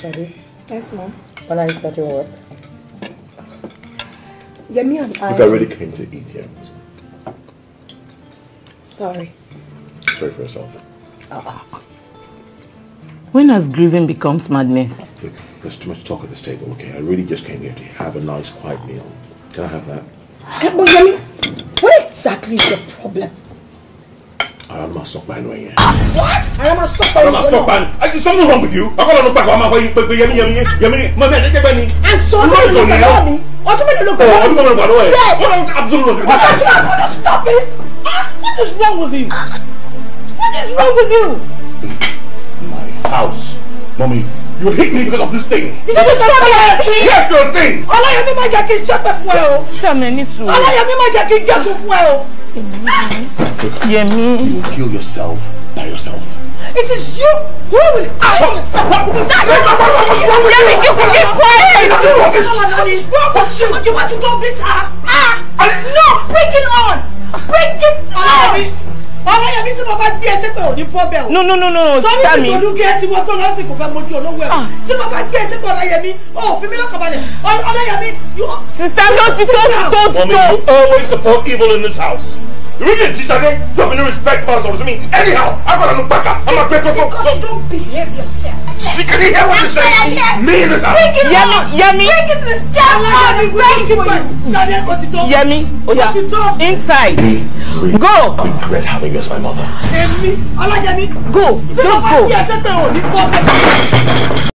Shadi? Yes, ma'am. When are you starting work? Yeah, me and I... Look, I really came to eat here. Sorry. Sorry for yourself. Uh, when has grieving becomes madness? Look, there's too much talk at this table, okay? I really just came here to have a nice, quiet meal. Can I have that? But Yemi, what exactly is the problem? ara ma sọpa ẹnu yẹn. what ara ma sọpa ẹnu yẹn. ara ma sọpa ẹnu is something wrong with you. akọlọ ló pàgọ́ àmọ́ àkọ́yí pépé yẹmi yẹmi yẹmi ni mọ̀mí ẹ̀ jẹ́jẹ́ ni. and so ọdún mélòó ló gbàdúrà mi ọdún mélòó ló gbàdúrà mi. ọdún mélòó ló gbàdúrà mi. yes ọdún absolutely. What? I still want to stop it. what is wrong with you. what is wrong with you. my house mọ̀mí. You hit me because of this thing. Did you just stop me? Yes, your thing. Ọláyẹmí má jẹ́ kí n ṣépè fún ẹ o. Sísítà mi ní sùúrù. Ọláyẹmí má jẹ́ kí n jẹ́kun fún ẹ o. Yemi. You kill yourself by yourself. It is you who will kill yourself. What? What? What? Yemi, you can keep quiet. What's wrong with you? You want to go beat her? Ah! No! Bring it on! Bring it on! ọ̀rọ̀ yẹn mi tí mo bá gbé ẹsẹ̀ pé òní bọ́ bẹ́ẹ̀ o. no no no no sísá mi. sọ́ni ìgbòlúgẹ́ tí wọ́n tó lásìkò fẹ́ mojú olówó ẹ̀ ah. tí mo bá gbé ẹsẹ̀ pé ọ̀rọ̀ mi ò fi mí lọ́kàn balẹ̀ ọ̀rọ̀ mi. sísá mi ó tó tó tó. woman you always support evil in this house reason tí Ṣadé yóò fi ní respect máa sọ̀rọ̀ sí mi anyhow agbọ́dọ̀ ló gbàkà a máa gbé kókó. you don't behave yourself. she can hear what you oh say me in this house. Yẹmi Yẹmi Yẹmi oya inside go. I regret having you as my mother. Èmi Ọlájẹmí. go just go. don't go.